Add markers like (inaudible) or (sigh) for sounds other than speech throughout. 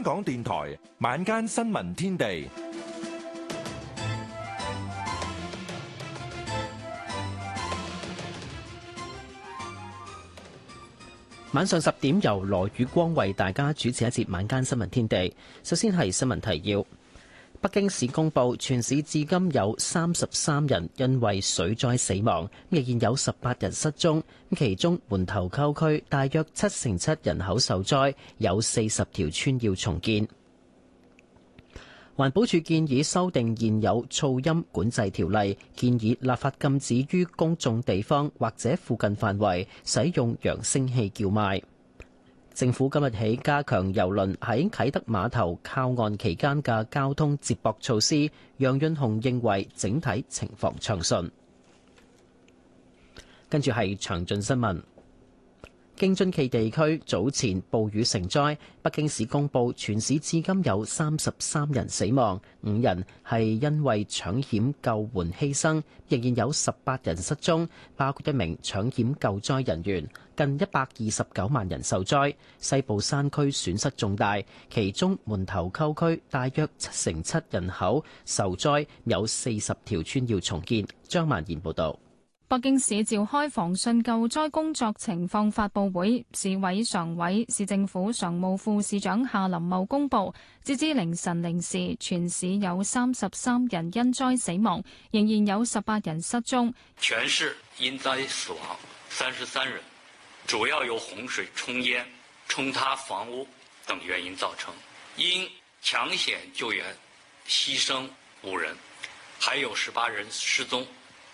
香港電台晚間新聞天地，晚上十點由羅宇光為大家主持一節晚間新聞天地。首先係新聞提要。北京市公布，全市至今有三十三人因為水災死亡，仍然有十八人失蹤，其中門頭溝區大約七成七人口受災，有四十條村要重建。環保署建議修訂現有噪音管制條例，建議立法禁止於公眾地方或者附近範圍使用揚聲器叫賣。政府今日起加強郵輪喺啟德碼頭靠岸期間嘅交通接駁措施。楊潤雄認為整體情況暢順。跟住係詳盡新聞。京津冀地區早前暴雨成災，北京市公布全市至今有三十三人死亡，五人係因為搶險救援犧牲，仍然有十八人失蹤，包括一名搶險救災人員。近一百二十九萬人受災，西部山區損失重大，其中門頭溝區大約七成七人口受災，有四十條村要重建。張萬賢報道。北京市召開防汛救災工作情況發布會，市委常委、市政府常務副市長夏林茂公布，截至凌晨零時，全市有三十三人因災死亡，仍然有十八人失蹤。全市因災死亡三十三人，主要由洪水沖淹、沖塌房屋等原因造成。因搶險救援犧牲五人，還有十八人失蹤。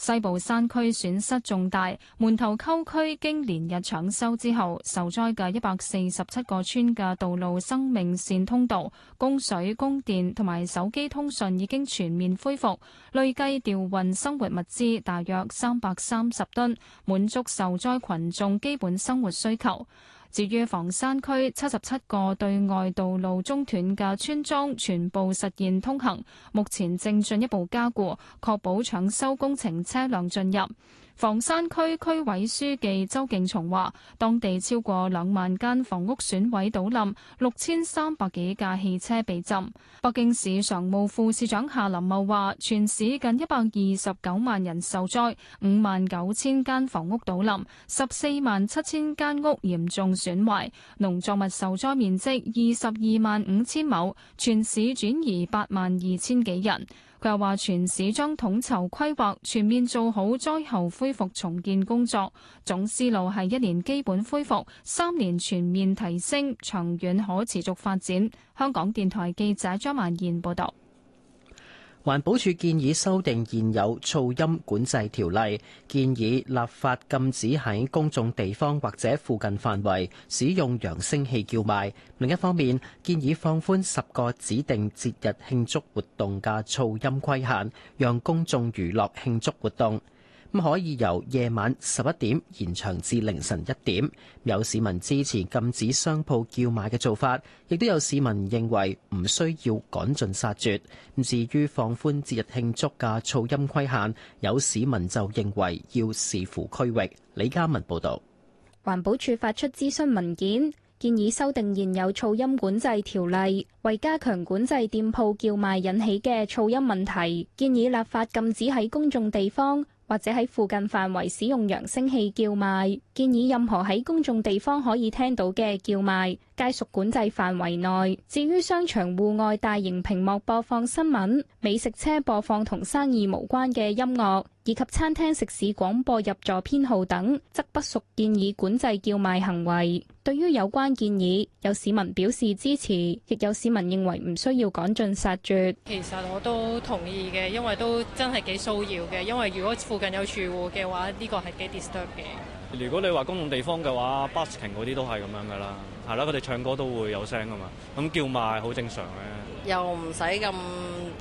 西部山區損失重大，門頭溝區經連日搶修之後，受災嘅一百四十七個村嘅道路、生命線通道、供水、供電同埋手機通訊已經全面恢復，累計調運生活物資大約三百三十噸，滿足受災群眾基本生活需求。至於房山區七十七個對外道路中斷嘅村莊，全部實現通行，目前正進一步加固，確保搶修工程車輛進入。房山區區委書記周敬松話當地超過兩萬間房屋損毀倒冧，六千三百幾架汽車被浸。北京市常務副市長夏林茂話全市近一百二十九萬人受災，五萬九千間房屋倒冧，十四萬七千間屋嚴重損壞，農作物受災面積二十二萬五千畝，全市轉移八萬二千幾人。佢又話：全市將統籌規劃，全面做好災後恢復重建工作。總思路係一年基本恢復，三年全面提升，長遠可持續發展。香港電台記者張曼燕報導。環保署建議修訂現有噪音管制條例，建議立法禁止喺公眾地方或者附近範圍使用揚聲器叫賣。另一方面，建議放寬十個指定節日慶祝活動嘅噪音規限，讓公眾娛樂慶祝活動。咁可以由夜晚十一點延長至凌晨一點，有市民支持禁止商鋪叫賣嘅做法，亦都有市民認為唔需要趕盡殺絕，咁至於放寬節日慶祝嘅噪音規限，有市民就認為要視乎區域。李嘉文報道。環保署發出諮詢文件，建議修訂現有噪音管制條例，為加強管制店鋪叫賣引起嘅噪音問題，建議立法禁止喺公眾地方。或者喺附近範圍使用揚聲器叫賣，建議任何喺公眾地方可以聽到嘅叫賣，皆屬管制範圍內。至於商場戶外大型屏幕播放新聞、美食車播放同生意無關嘅音樂，以及餐廳食肆廣播入座編號等，則不屬建議管制叫賣行為。對於有關建議，有市民表示支持，亦有市民認為唔需要趕盡殺絕。其實我都同意嘅，因為都真係幾騷擾嘅。因為如果附近有住戶嘅話，呢個係幾 disturb 嘅。如果你話公共地方嘅話，busking 嗰啲都係咁樣噶啦。係咯，佢哋唱歌都會有聲㗎嘛，咁叫賣好正常咧。又唔使咁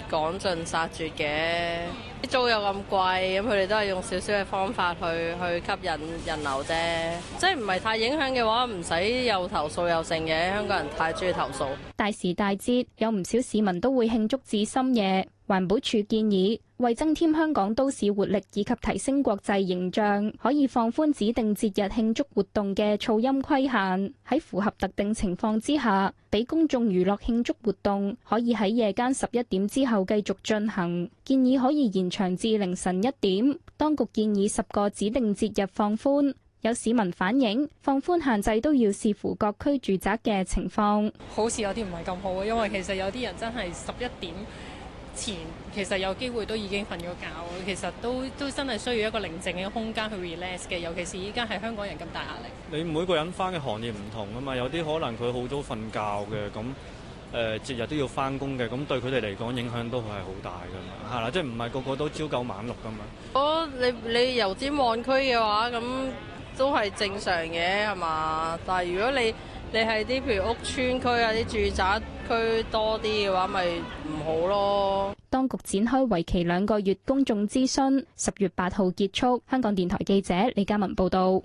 趕盡殺絕嘅，啲租又咁貴，咁佢哋都係用少少嘅方法去去吸引人流啫。即係唔係太影響嘅話，唔使又投訴又剩嘅。香港人太中意投訴。大時大節，有唔少市民都會慶祝至深夜。環保署建議，為增添香港都市活力以及提升國際形象，可以放寬指定節日慶祝活動嘅噪音規限。喺符合特定情況之下，俾公衆娛樂慶祝活動可以喺夜間十一點之後繼續進行，建議可以延長至凌晨一點。當局建議十個指定節日放寬。有市民反映，放寬限制都要視乎各區住宅嘅情況。好似有啲唔係咁好，因為其實有啲人真係十一點。前其實有機會都已經瞓咗覺，其實都都真係需要一個寧靜嘅空間去 relax 嘅，尤其是依家係香港人咁大壓力。你每個人翻嘅行業唔同啊嘛，有啲可能佢好早瞓覺嘅，咁誒節日都要翻工嘅，咁對佢哋嚟講影響都係好大㗎嘛，係啦，即係唔係個個都朝九晚六㗎嘛。我你你油尖旺區嘅話，咁都係正常嘅係嘛？但係如果你，你係啲譬如屋邨區啊，啲住宅區多啲嘅話，咪唔好咯。當局展開為期兩個月公眾諮詢，十月八號結束。香港電台記者李嘉文報道。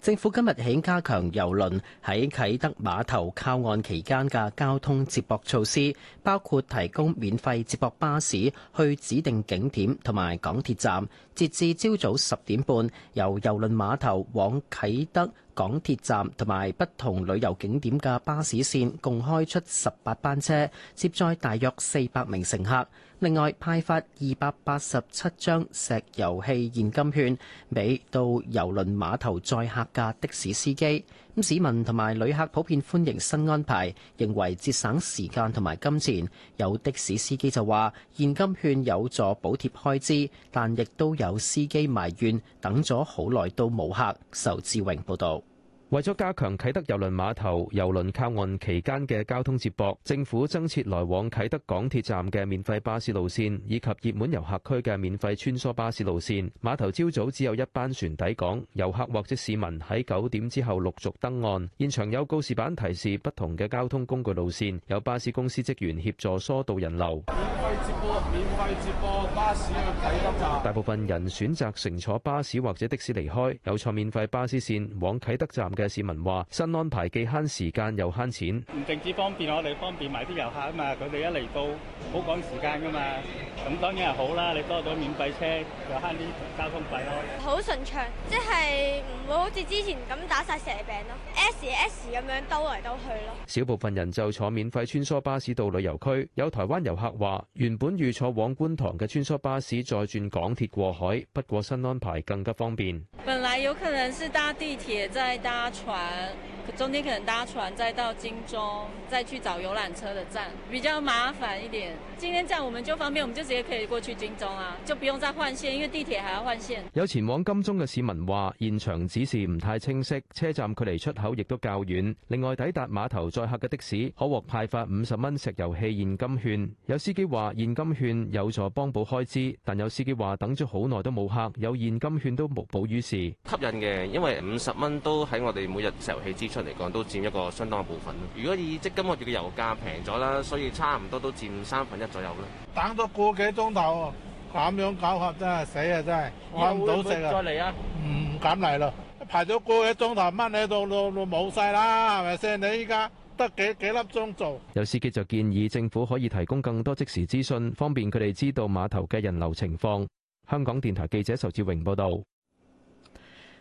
政府今日起加強郵輪喺啟德碼頭靠岸期間嘅交通接駁措施，包括提供免費接駁巴士去指定景點同埋港鐵站，截至朝早十點半由郵輪碼頭往啟德港鐵站同埋不同旅遊景點嘅巴士線共開出十八班車，接載大約四百名乘客。另外派發二百八十七張石油氣現金券俾到郵輪碼頭載客嘅的士司機。市民同埋旅客普遍歡迎新安排，認為節省時間同埋金錢。有的士司機就話現金券有助補貼開支，但亦都有司機埋怨等咗好耐都冇客。仇志榮報道。為咗加強啟德郵輪碼頭郵輪靠岸期間嘅交通接駁，政府增設來往啟德港鐵站嘅免費巴士路線，以及熱門遊客區嘅免費穿梭巴士路線。碼頭朝早只有一班船抵港，遊客或者市民喺九點之後陸續登岸。現場有告示板提示不同嘅交通工具路線，有巴士公司職員協助疏導人流。免費接駁，免費接駁巴士去啟德站。大部分人選擇乘坐巴士或者的士離開，有坐免費巴士線往啟德站嘅市民話：新安排既慳時間又慳錢，唔淨止方便我哋，方便埋啲遊客吖嘛，佢哋一嚟到，好趕時間噶嘛，咁當然係好啦。你多咗免費車，又慳啲交通費咯。好順暢，即係唔會好似之前咁打晒蛇餅咯，S S 咁樣兜嚟兜去咯。少部分人就坐免費穿梭巴士到旅遊區，有台灣遊客話：原本預坐往觀塘嘅穿梭巴士再轉港鐵過海，不過新安排更加方便。本來有可能是搭地鐵再搭。船，中間可能搭船，再到金鐘，再去找遊覽車的站，比較麻煩一點。今天這樣我們就方便，我們就直接可以過去金鐘啊，就不用再換線，因為地鐵還要換線。有前往金鐘嘅市民話，現場指示唔太清晰，車站距離出口亦都較遠。另外抵達碼頭載客嘅的士可獲派發五十蚊石油氣現金券。有司機話現金券有助幫補開支，但有司機話等咗好耐都冇客，有現金券都無補於事。吸引嘅，因為五十蚊都喺我哋每日石油氣支出嚟講都佔一個相當嘅部分。如果以即今個月嘅油價平咗啦，所以差唔多都佔三分一。左右啦，等咗個幾鐘頭，咁樣搞法真係死啊！真係，揾唔到食再嚟啊！唔敢嚟咯，排咗個幾鐘頭，乜嘢都路都冇晒啦，係咪先？你依家得幾幾粒鐘做？有司機就建議政府可以提供更多即時資訊，方便佢哋知道碼頭嘅人流情況。香港電台記者仇志榮報導。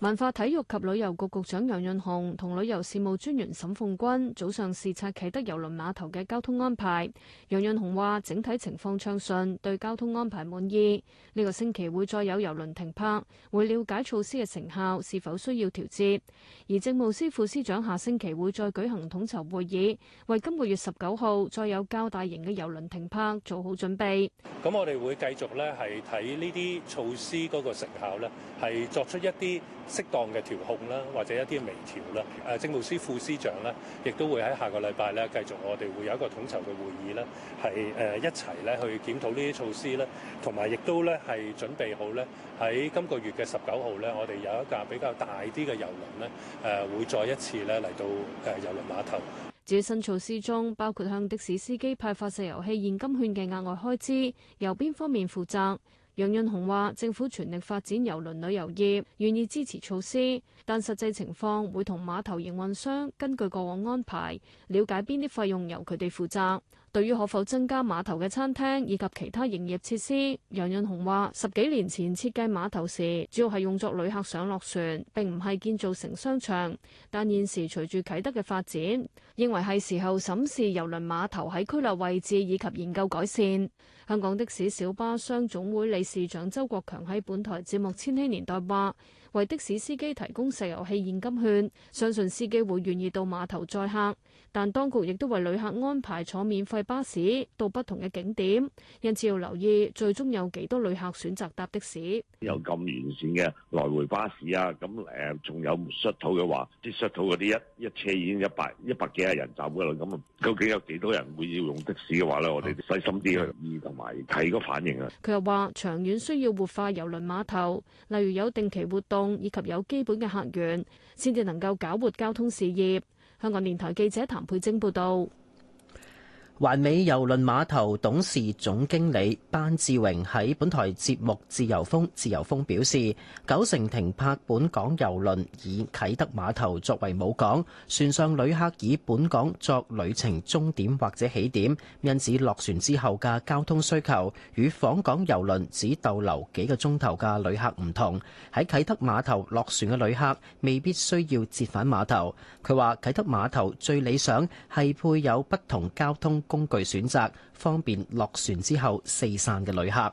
文化體育及旅遊局局長楊潤雄同旅遊事務專員沈鳳君早上視察啟德郵輪碼頭嘅交通安排。楊潤雄話整體情況暢順，對交通安排滿意。呢個星期會再有郵輪停泊，會了解措施嘅成效，是否需要調節，而政務司副司長下星期會再舉行統籌會議，為今個月十九號再有較大型嘅郵輪停泊做好準備，咁我哋會繼續咧係睇呢啲措施嗰個成效咧，係作出一啲。適當嘅調控啦，或者一啲微調啦。誒，政務司副司長呢，亦都會喺下個禮拜呢繼續我哋會有一個統籌嘅會議咧，係誒一齊呢去檢討呢啲措施咧，同埋亦都呢係準備好呢。喺今個月嘅十九號呢，我哋有一架比較大啲嘅郵輪呢，誒會再一次呢嚟到誒郵輪碼頭。至於新措施中，包括向的士司機派發石油氣現金券嘅額外開支，由邊方面負責？楊潤雄話：政府全力發展郵輪旅遊業，願意支持措施，但實際情況會同碼頭營運商根據過往安排，了解邊啲費用由佢哋負責。對於可否增加碼頭嘅餐廳以及其他營業設施，楊潤雄話：十幾年前設計碼頭時，主要係用作旅客上落船，並唔係建造成商場。但現時隨住啟德嘅發展，認為係時候審視郵輪碼頭喺區內位置以及研究改善。香港的士小巴商總會理事長周國強喺本台節目《千禧年代》話：為的士司機提供石油氣現金券，相信司機會願意到碼頭載客。但當局亦都為旅客安排坐免費巴士到不同嘅景點，因此要留意最終有幾多旅客選擇搭的士。有咁完善嘅來回巴士啊，咁誒仲有 shuttle 嘅話，啲 shuttle 嗰啲一一車已經一百一百幾廿人走噶啦，咁啊究竟有幾多人會要用的士嘅話咧？我哋要細心啲去留意同埋睇個反應啊。佢又話：長遠需要活化郵輪碼頭，例如有定期活動。以及有基本嘅客源，先至能夠搞活交通事業。香港電台記者譚佩貞報道。環美郵輪碼頭董事總經理班志榮喺本台節目《自由風》《自由風》表示，九成停泊本港郵輪以啟德碼頭作為母港，船上旅客以本港作旅程終點或者起點，因此落船之後嘅交通需求與訪港郵輪只逗留幾個鐘頭嘅旅客唔同。喺啟德碼頭落船嘅旅客未必需要折返碼頭。佢話：啟德碼頭最理想係配有不同交通工具選擇，方便落船之後四散嘅旅客。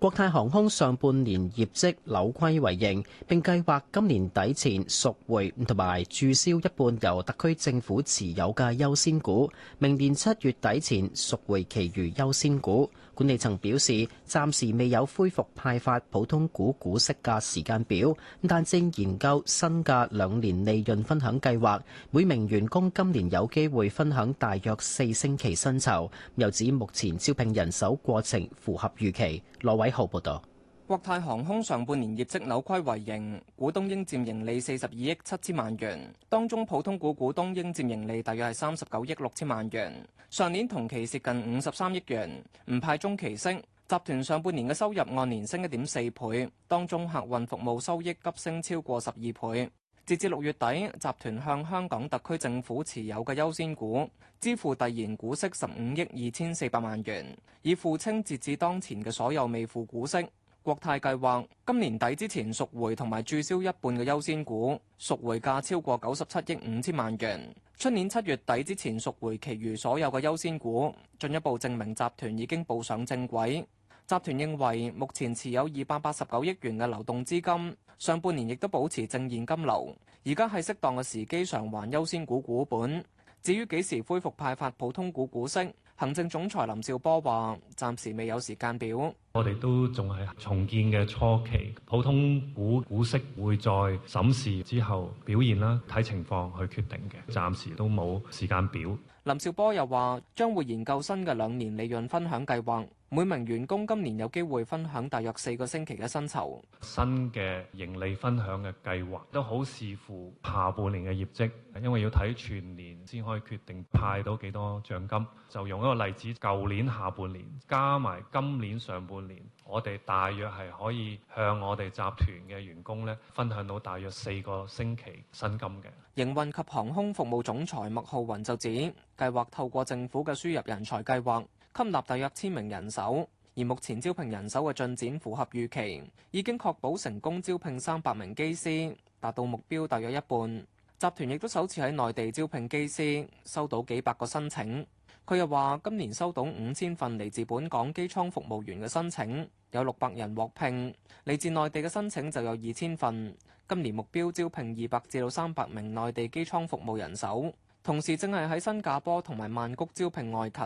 國泰航空上半年業績扭虧為盈，並計劃今年底前贖回同埋註銷一半由特區政府持有嘅優先股，明年七月底前贖回其餘優先股。管理層表示，暫時未有恢復派發普通股股息嘅時間表，但正研究新嘅兩年利潤分享計劃。每名員工今年有機會分享大約四星期薪酬。又指目前招聘人手過程符合預期。羅偉浩報導。國泰航空上半年業績扭虧為盈，股東應占盈利四十二億七千萬元，當中普通股股東應占盈利大約係三十九億六千萬元。上年同期蝕近五十三億元，唔派中期息。集團上半年嘅收入按年升一點四倍，當中客運服務收益急升超過十二倍。截至六月底，集團向香港特區政府持有嘅優先股支付遞延股息十五億二千四百萬元，以付清截至當前嘅所有未付股息。國泰計劃今年底之前贖回同埋註銷一半嘅優先股，贖回價超過九十七億五千萬元；出年七月底之前贖回其餘所有嘅優先股，進一步證明集團已經步上正軌。集團認為目前持有二百八十九億元嘅流動資金，上半年亦都保持正現金流，而家係適當嘅時機償還優先股股本。至於幾時恢復派發普通股股息？行政總裁林紹波話：暫時未有時間表。我哋都仲係重建嘅初期，普通股股息會再審視之後表現啦，睇情況去決定嘅。暫時都冇時間表。林紹波又話：將會研究新嘅兩年利潤分享計劃。每名員工今年有機會分享大約四個星期嘅薪酬。新嘅盈利分享嘅計劃都好視乎下半年嘅業績，因為要睇全年先可以決定派到幾多獎金。就用一個例子，舊年下半年加埋今年上半年，我哋大約係可以向我哋集團嘅員工咧分享到大約四個星期薪金嘅。營運及航空服務總裁麥浩雲就指，計劃透過政府嘅輸入人才計劃。吸納大約千名人手，而目前招聘人手嘅進展符合預期，已經確保成功招聘三百名機師，達到目標大約一半。集團亦都首次喺內地招聘機師，收到幾百個申請。佢又話，今年收到五千份嚟自本港機艙服務員嘅申請，有六百人獲聘。嚟自內地嘅申請就有二千份。今年目標招聘二百至到三百名內地機艙服務人手，同時正係喺新加坡同埋曼谷招聘外勤。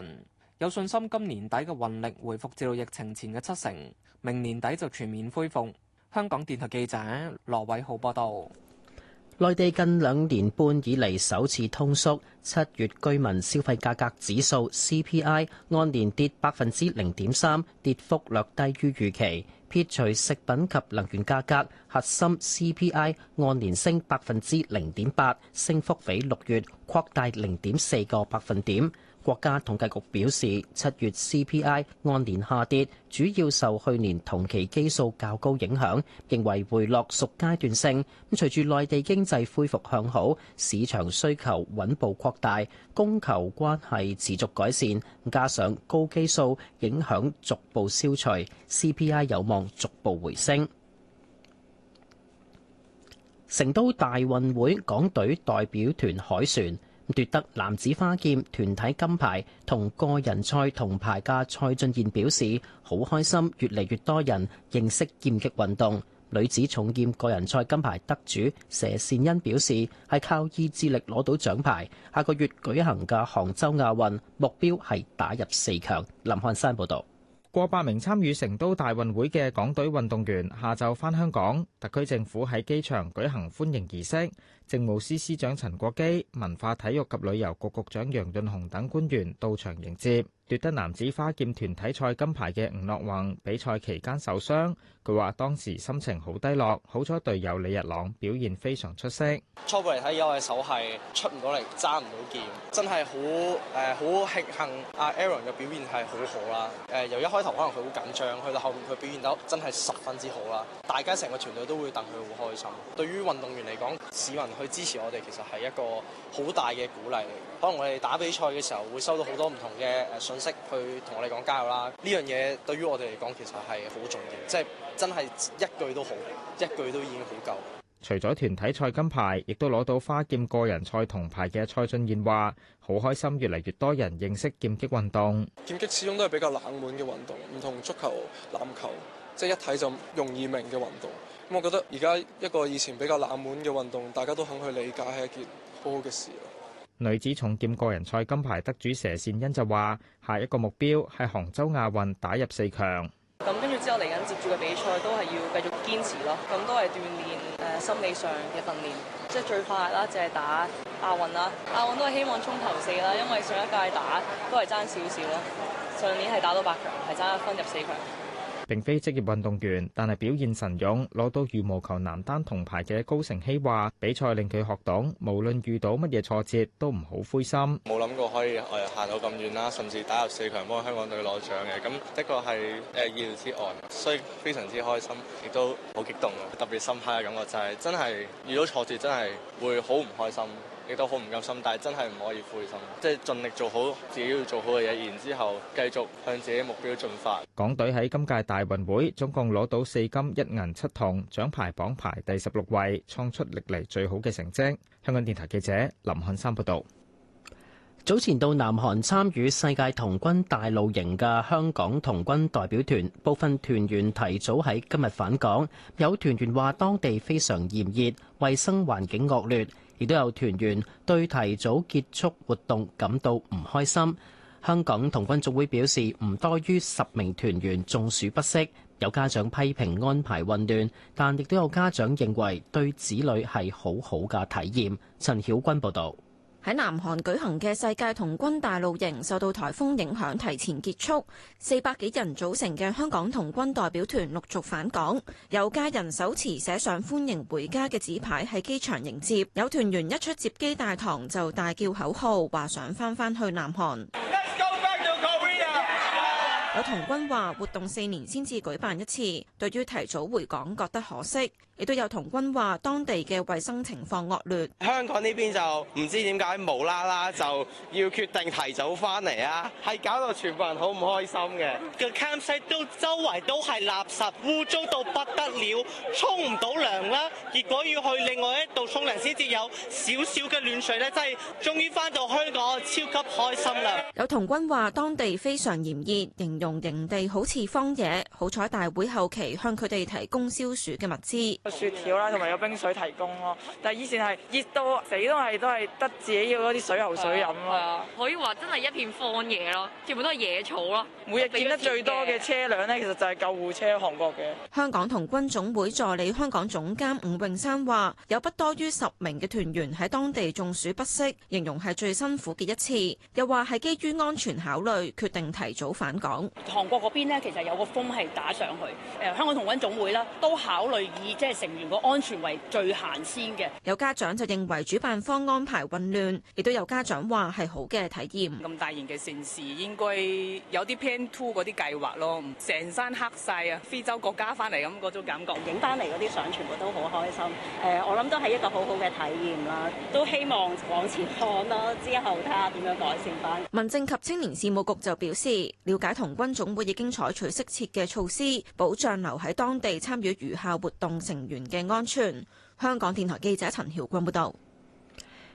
有信心今年底嘅運力回復至到疫情前嘅七成，明年底就全面恢復。香港電台記者羅偉浩報道。內地近兩年半以嚟，首次通縮，七月居民消費價格指數 CPI 按年跌百分之零點三，跌幅略低於預期。撇除食品及能源價格，核心 CPI 按年升百分之零點八，升幅比六月擴大零點四個百分點。國家統計局表示，七月 CPI 按年下跌，主要受去年同期基數較高影響，認為回落屬階段性。咁隨住內地經濟恢復向好，市場需求穩步擴大，供求關係持續改善，加上高基數影響逐步消除，CPI 有望逐步回升。成都大運會港隊代表團凱旋。奪得男子花劍團體金牌同個人賽銅牌嘅蔡俊彥表示好開心，越嚟越多人認識劍擊運動。女子重劍個人賽金牌得主佘繕妡表示係靠意志力攞到獎牌。下個月舉行嘅杭州亞運目標係打入四強。林漢山報道。過百名參與成都大運會嘅港隊運動員下晝返香港，特區政府喺機場舉行歡迎儀式，政務司司長陳國基、文化體育及旅遊局局長楊潤雄等官員到場迎接。奪得男子花劍團體賽金牌嘅吳樂宏，比賽期間受傷，佢話當時心情好低落，好彩隊友李日朗表現非常出色。初步嚟睇，有隻手係出唔到嚟，揸唔到劍，真係好誒，好，呃、慶幸阿 Aaron 嘅表現係好好啦。誒，呃，由一開頭可能佢好緊張，去到後面佢表現得真係十分之好啦。大家成個團隊都會戥佢好開心。對於運動員嚟講，市民去支持我哋，其實係一個好大嘅鼓勵嚟。可能我哋打比賽嘅時候會收到好多唔同嘅誒信息去，去同我哋講加油啦。呢樣嘢對於我哋嚟講，其實係好重要，即係真係一句都好，一句都已經好夠。除咗團體賽金牌，亦都攞到花劍個人賽銅牌嘅蔡俊彥話：好開心，越嚟越多人認識劍擊運動。劍擊始終都係比較冷門嘅運動，唔同足球、籃球，即係一睇就容易明嘅運動。咁我覺得而家一個以前比較冷門嘅運動，大家都肯去理解，係一件好好嘅事。女子重劍個人賽金牌得主佘善欣就話，下一個目標係杭州亞運打入四強。咁跟住之後嚟緊接住嘅比賽都係要繼續堅持咯。咁都係鍛鍊誒心理上嘅訓練，即係最快啦，就係打亞運啦。亞運都係希望衝頭四啦，因為上一屆打都係爭少少咯。上年係打到八強，係爭一分入四強。並非職業運動員，但係表現神勇攞到羽毛球男單銅牌嘅高成希話：比賽令佢學懂，無論遇到乜嘢挫折都唔好灰心。冇諗過可以誒行到咁遠啦，甚至打入四強幫香港隊攞獎嘅，咁的確係誒意料之外，所以非常之開心，亦都好激動。特別深刻嘅感覺就係，真係遇到挫折真係會好唔開心。亦都好唔甘心，但係真係唔可以灰心，即係盡力做好自己要做好嘅嘢，然之後繼續向自己目標進發。港隊喺今屆大運會總共攞到四金一銀七銅，獎牌榜排第十六位，創出歷嚟最好嘅成績。香港電台記者林漢山報道。早前到南韓參與世界童軍大露營嘅香港童軍代表團，部分團員提早喺今日返港，有團員話當地非常炎熱，衛生環境惡劣。亦都有團員對提早結束活動感到唔開心。香港童軍總會表示，唔多於十名團員中暑不適，有家長批評安排混亂，但亦都有家長認為對子女係好好嘅體驗。陳曉君報道。.喺南韓舉行嘅世界童軍大露營受到颱風影響，提前結束，四百幾人組成嘅香港童軍代表團陸續返港，有家人手持寫上歡迎回家嘅紙牌喺機場迎接，有團員一出接機大堂就大叫口號，話想翻翻去南韓。有童軍話活動四年先至舉辦一次，對於提早回港覺得可惜。亦都有童軍話，當地嘅衛生情況惡劣。香港呢邊就唔知點解無啦啦就要決定提早翻嚟啊，係搞到全部人好唔開心嘅。個 campsite (laughs) 都周圍都係垃圾，污糟到不得了，沖唔到涼啦。結果要去另外一度沖涼先至有少少嘅暖水咧，真係終於翻到香港，超級開心啦！有童軍話，當地非常炎熱，形容營地好似荒野。好彩大會後期向佢哋提供消暑嘅物資。雪條啦，同埋有冰水提供咯。但係以前係熱到死，都係都係得自己要嗰啲水喉水飲咯。可以話真係一片荒野咯，基本都係野草咯。每日見得最多嘅車輛呢，其實就係救護車。韓國嘅香港童軍總會助理香港總監伍泳山話，有不多於十名嘅團員喺當地中暑不適，形容係最辛苦嘅一次。又話係基於安全考慮，決定提早返港。韓國嗰邊呢，其實有個風係打上去。誒，香港童軍總會啦，都考慮已即成員個安全為最行先嘅。有家長就認為主辦方安排混亂，亦都有家長話係好嘅體驗。咁大型嘅盛事應該有啲 plan two 嗰啲計劃咯，成山黑晒啊！非洲國家翻嚟咁嗰種感覺，影翻嚟嗰啲相全部都好開心。誒，我諗都係一個好好嘅體驗啦，都希望往前看啦，之後睇下點樣改善翻。民政及青年事務局就表示，了解童軍總會已經採取，取適切嘅措施，保障留喺當地參與餘校活動成員嘅安全。香港電台記者陳曉君報道。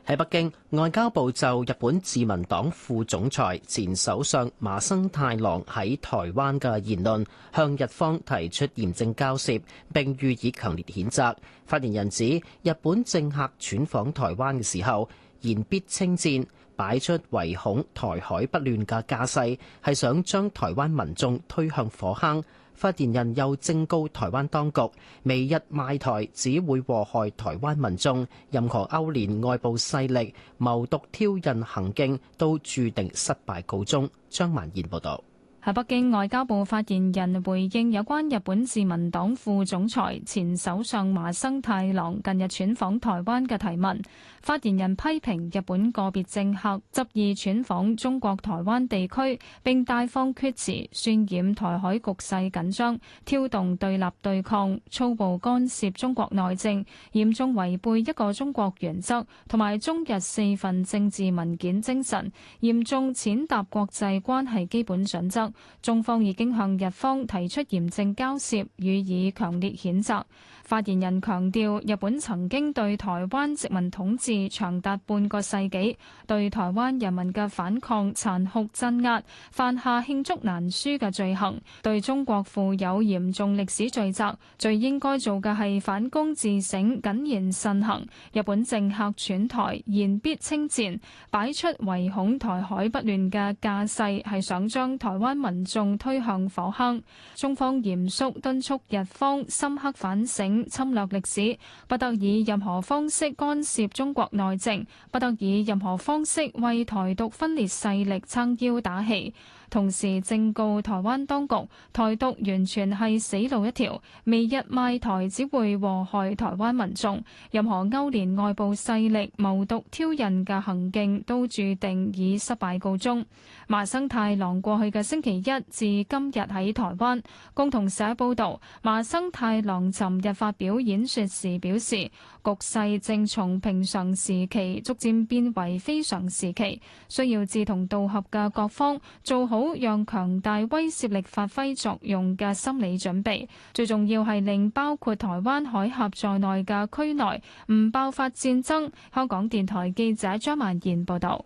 喺北京，外交部就日本自民黨副總裁、前首相麻生太郎喺台灣嘅言論，向日方提出嚴正交涉，並予以強烈譴責。發言人指，日本政客竄訪台灣嘅時候，言必稱戰，擺出唯恐台海不亂嘅架勢，係想將台灣民眾推向火坑。發言人又正告台灣當局，媚日賣台，只會禍害台灣民眾。任何勾連外部勢力、謀獨挑釁行徑，都註定失敗告終。張萬賢報道。喺北京，外交部發言人回應有關日本自民黨副總裁、前首相麻生太郎近日竄訪台灣嘅提問。發言人批評日本個別政客執意竄訪中國台灣地區，並大放厥詞，渲染台海局勢緊張，挑動對立對抗，粗暴干涉中國內政，嚴重違背一個中國原則同埋中日四份政治文件精神，嚴重踐踏國際關係基本準則。中方已經向日方提出嚴正交涉，予以強烈譴責。發言人強調，日本曾經對台灣殖民統治長達半個世紀，對台灣人民嘅反抗殘酷鎮壓，犯下罄竹難書嘅罪行，對中國負有嚴重歷史罪責。最應該做嘅係反躬自省、謹言慎行。日本政客竄台，言必稱戰，擺出唯恐台海不亂嘅架勢，係想將台灣民眾推向火坑。中方嚴肅敦促日方深刻反省侵略歷史，不得以任何方式干涉中國內政，不得以任何方式為台獨分裂勢力撐腰打氣。同時正告台灣當局，台獨完全係死路一條，未日賣台只會禍害台灣民眾。任何勾連外部勢力謀獨挑釁嘅行徑，都註定以失敗告終。麻生太郎過去嘅星期一至今日喺台灣，共同社報道，麻生太郎尋日發表演說時表示，局勢正從平常時期逐漸變為非常時期，需要志同道合嘅各方做好好讓強大威懾力發揮作用嘅心理準備，最重要係令包括台灣海峽在內嘅區內唔爆發戰爭。香港電台記者張萬燕報導。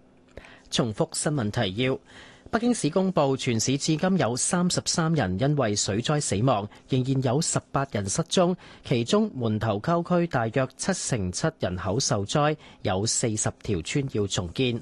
重複新聞提要：北京市公布全市至今有三十三人因為水災死亡，仍然有十八人失蹤，其中門頭溝區大約七成七人口受災，有四十條村要重建。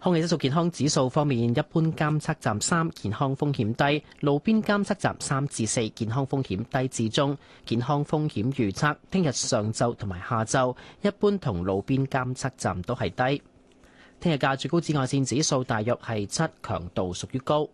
空氣質素健康指數方面，一般監測站三，健康風險低；路邊監測站三至四，健康風險低至中。健康風險預測，聽日上晝同埋下晝，一般同路邊監測站都係低。聽日嘅最高紫外線指數大約係七，強度屬於高。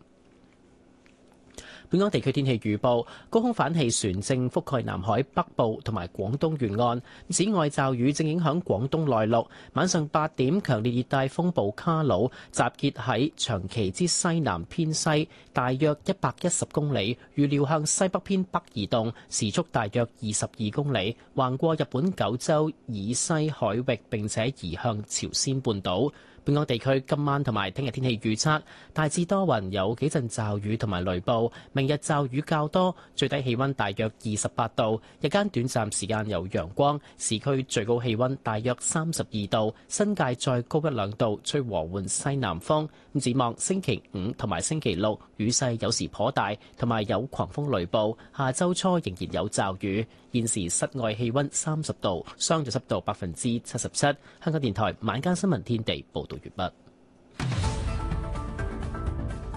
本港地區天氣預報：高空反氣旋正覆蓋南海北部同埋廣東沿岸，此外驟雨正影響廣東內陸。晚上八點，強烈熱帶風暴卡努集結喺長崎之西南偏西，大約一百一十公里，預料向西北偏北移動，時速大約二十二公里，橫過日本九州以西海域，並且移向朝鮮半島。本港地區今晚同埋聽日天氣預測大致多雲，有幾陣驟雨同埋雷暴。明日驟雨較多，最低氣溫大約二十八度，日間短暫時間有陽光。市區最高氣溫大約三十二度，新界再高一兩度。吹和緩西南風。咁展望星期五同埋星期六雨勢有時頗大，同埋有狂風雷暴。下周初仍然有驟雨。現時室外氣溫三十度，相對濕度百分之七十七。香港電台晚間新聞天地報道完畢。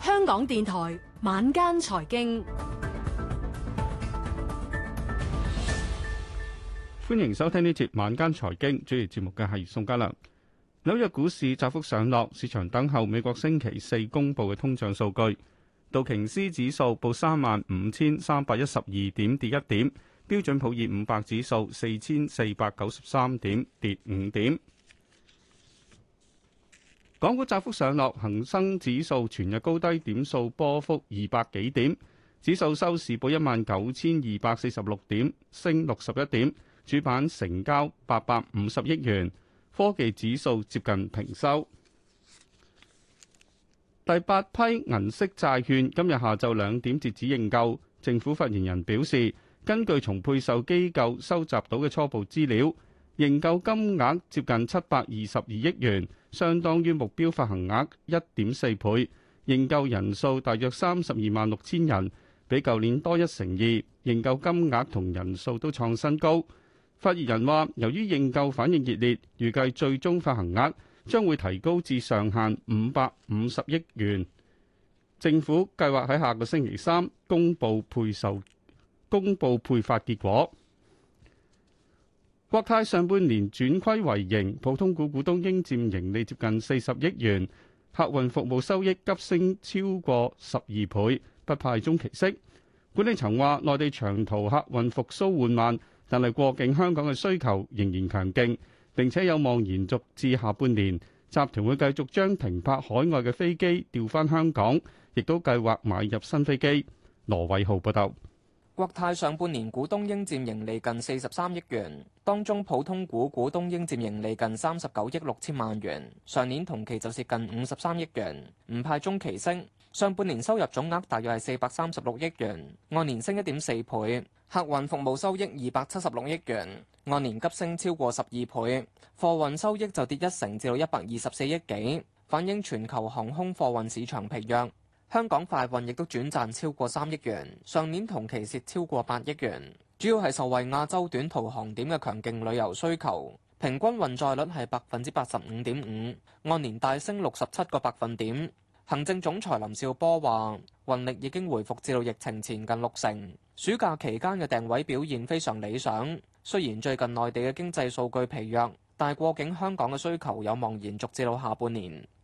香港電台晚間財經，歡迎收聽呢節晚間財經，主持節目嘅係宋家良。紐約股市窄幅上落，市場等候美國星期四公佈嘅通脹數據。道瓊斯指數報三萬五千三百一十二點，跌一點。標準普爾五百指數四千四百九十三點，跌五點。港股窄幅上落，恒生指數全日高低點數波幅二百幾點，指數收市報一萬九千二百四十六點，升六十一點，主板成交八百五十億元。科技指數接近平收。第八批銀色債券今日下晝兩點截止認購，政府發言人表示，根據從配售機構收集到嘅初步資料，認購金額接近七百二十二億元，相當於目標發行額一點四倍；認購人數大約三十二萬六千人，比舊年多一成二。認購金額同人數都創新高。發言人話：由於認購反應熱烈，預計最終發行額將會提高至上限五百五十億元。政府計劃喺下個星期三公布配售。公布配發結果，國泰上半年轉虧為盈，普通股股東應佔盈利接近四十億元。客運服務收益急升，超過十二倍，不派中期息。管理層話：內地長途客運復甦緩慢，但係過境香港嘅需求仍然強勁，並且有望延續至下半年。集團會繼續將停泊海外嘅飛機調返香港，亦都計劃買入新飛機。羅偉浩報導。國泰上半年股東應佔盈利近四十三億元，當中普通股股東應佔盈利近三十九億六千萬元，上年同期就蝕近五十三億元，唔派中期息。上半年收入總額大約係四百三十六億元，按年升一點四倍。客運服務收益二百七十六億元，按年急升超過十二倍。貨運收益就跌一成，至到一百二十四億幾，反映全球航空貨運市場疲弱。香港快運亦都轉賺超過三億元，上年同期蝕超過八億元，主要係受惠亞洲短途航點嘅強勁旅遊需求，平均運載率係百分之八十五點五，按年大升六十七個百分點。行政總裁林紹波話：運力已經回復至到疫情前近六成，暑假期間嘅訂位表現非常理想。雖然最近內地嘅經濟數據疲弱，但係過境香港嘅需求有望延續至到下半年。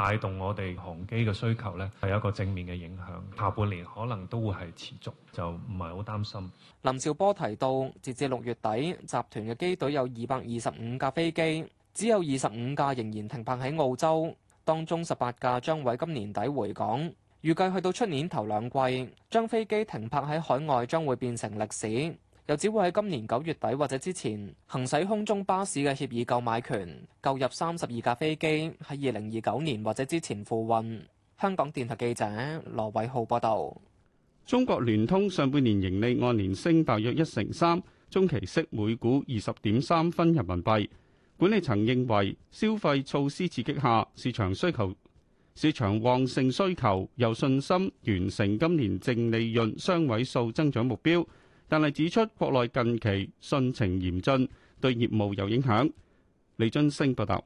帶動我哋航機嘅需求呢，係一個正面嘅影響。下半年可能都會係持續，就唔係好擔心。林兆波提到，截至六月底，集團嘅機隊有二百二十五架飛機，只有二十五架仍然停泊喺澳洲，當中十八架將會今年底回港。預計去到出年頭兩季，將飛機停泊喺海外將會變成歷史。又只會喺今年九月底或者之前行使空中巴士嘅協議購買權，購入三十二架飛機，喺二零二九年或者之前付運。香港電台記者羅偉浩報道。中國聯通上半年盈利按年升大約一成三，中期息每股二十點三分人民幣。管理層認為消費措施刺激下，市場需求市場旺盛需求，有信心完成今年淨利潤雙位數增長目標。但係指出，國內近期汛情嚴峻，對業務有影響。李俊升報道。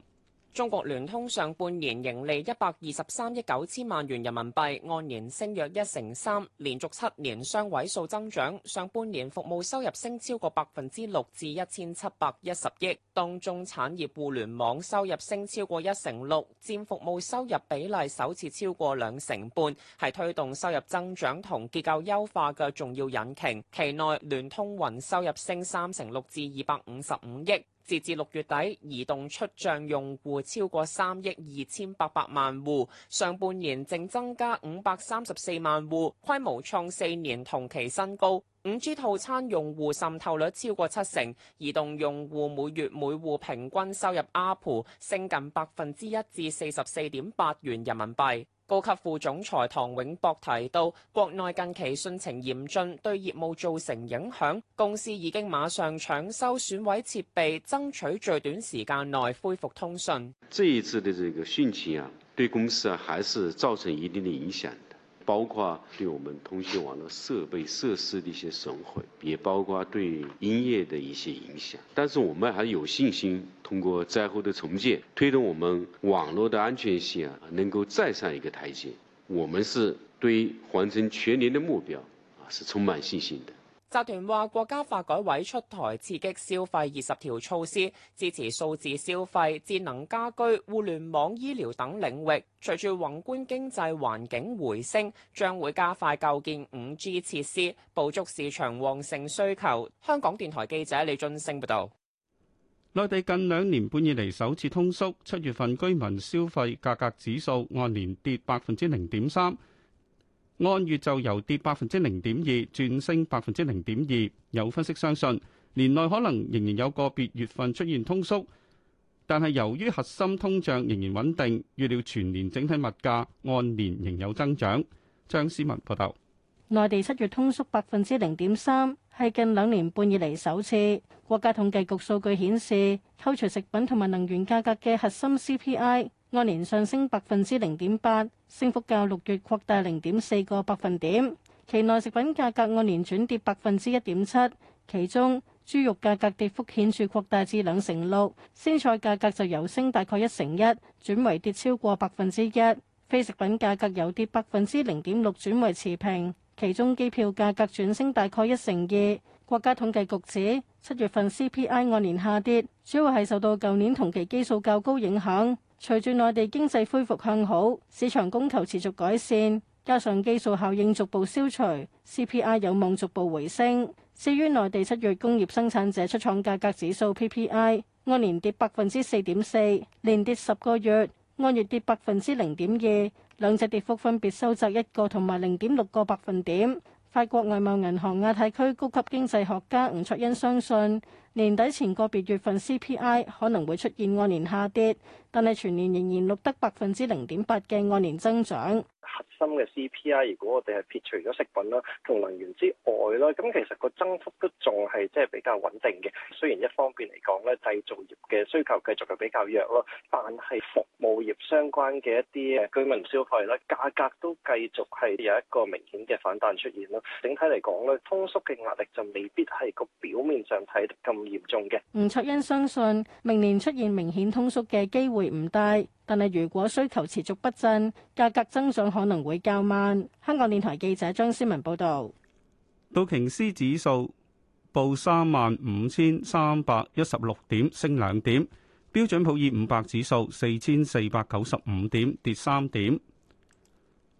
中國聯通上半年盈利一百二十三億九千萬元人民幣，按年升約一成三，連續七年雙位數增長。上半年服務收入升超過百分之六，至一千七百一十億，當中產業互聯網收入升超過一成六，佔服務收入比例首次超過兩成半，係推動收入增長同結構優化嘅重要引擎。期內聯通雲收入升三成六，至二百五十五億。截至六月底，移動出帳用戶超過三億二千八百萬戶，上半年淨增加五百三十四萬戶，規模創四年同期新高。5G 套餐用戶滲透率超過七成，移動用戶每月每戶平均收入 ARPU 升近百分之一至四十四點八元人民幣。高級副總裁唐永博提到，國內近期汛情嚴峻，對業務造成影響，公司已經馬上搶修損毀設備，爭取最短時間內恢復通訊。這一次的這個汛情啊，對公司啊還是造成一定的影響。包括對我們通信網絡設備設施的一些損毀，也包括對營業的一些影響，但是我們還有信心，通過災後的重建，推動我們網絡的安全性啊，能夠再上一個台階，我們是對於完成全年的目標，啊，是充滿信心的。集團話，國家發改委出台刺激消費二十條措施，支持數字消費、智能家居、互聯網醫療等領域。隨住宏觀經濟環境回升，將會加快構建五 G 設施，捕捉市場旺盛需求。香港電台記者李津升報道。內地近兩年半以嚟首次通縮，七月份居民消費價格指數按年跌百分之零點三。按月就由跌百分之零點二轉升百分之零點二，有分析相信年內可能仍然有個別月份出現通縮，但係由於核心通脹仍然穩定，預料全年整體物價按年仍有增長。張思文報道，內地七月通縮百分之零點三，係近兩年半以嚟首次。國家統計局數據顯示，扣除食品同埋能源價格嘅核心 CPI。按年上升百分之零點八，升幅較六月擴大零點四個百分點。期內食品價格按年轉跌百分之一點七，其中豬肉價格跌幅顯著擴大至兩成六，鮮菜價格就由升大概一成一轉為跌超過百分之一。非食品價格由跌百分之零點六，轉為持平。其中機票價格轉升大概一成二。國家統計局指七月份 CPI 按年下跌，主要係受到舊年同期基數較高影響。隨住內地經濟恢復向好，市場供求持續改善，加上基數效應逐步消除，CPI 有望逐步回升。至於內地七月工業生產者出廠價格指數 PPI，按年跌百分之四點四，連跌十個月，按月跌百分之零點二，兩隻跌幅分別收窄一個同埋零點六個百分點。法國外貿銀行亞太區高級經濟學家吳卓恩相信，年底前個別月份 CPI 可能會出現按年下跌，但係全年仍然錄得百分之零點八嘅按年增長。核心嘅 CPI，如果我哋係撇除咗食品啦同能源之外啦，咁其實個增幅都仲係即係比較穩定嘅。雖然一方面嚟講咧，製造業嘅需求繼續係比較弱咯，但係服務業相關嘅一啲誒居民消費咧，價格都繼續係有一個明顯嘅反彈出現啦。整體嚟講咧，通縮嘅壓力就未必係個表面上睇得咁嚴重嘅。吳卓欣相信明年出現明顯通縮嘅機會唔大，但係如果需求持續不振，價格增長。可能會較慢。香港電台記者張思文報導，道瓊斯指數報三萬五千三百一十六點，升兩點；標準普爾五百指數四千四百九十五點，跌三點；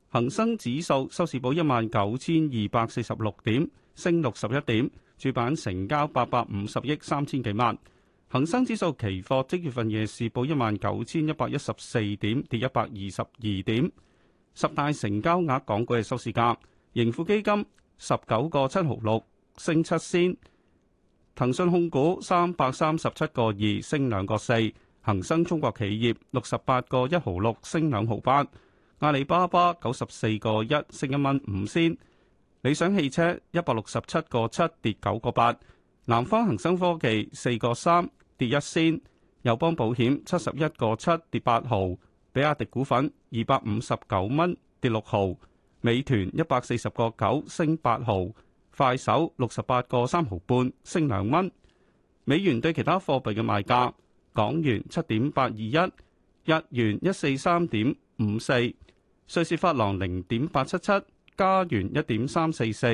恒生指數收市報一萬九千二百四十六點，升六十一點。主板成交八百五十億三千幾萬。恒生指數期貨即月份夜市報一萬九千一百一十四點，跌一百二十二點。十大成交額港股嘅收市價，盈富基金十九個七毫六升七仙，騰訊控股三百三十七個二升兩個四，恒生中國企業六十八個一毫六升兩毫八，阿里巴巴九十四個一升一蚊五仙，理想汽車一百六十七個七跌九個八，南方恒生科技四個三跌一仙，友邦保險七十一個七跌八毫。比亞迪股份二百五十九蚊跌六毫，美團一百四十個九升八毫，快手六十八個三毫半升兩蚊。美元對其他貨幣嘅賣價：港元七點八二一，日元一四三點五四，瑞士法郎零點八七七，加元一點三四四，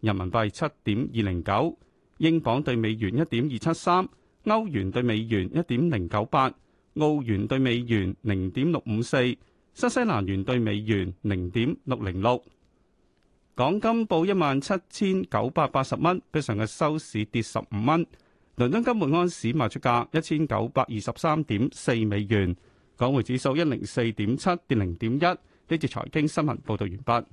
人民幣七點二零九，英鎊對美元一點二七三，歐元對美元一點零九八。澳元兌美元零點六五四，新西蘭元兌美元零點六零六，港金報一萬七千九百八十蚊，比上日收市跌十五蚊。倫敦金每盎司賣出價一千九百二十三點四美元，港匯指數一零四點七，跌零點一。呢節財經新聞報道完畢。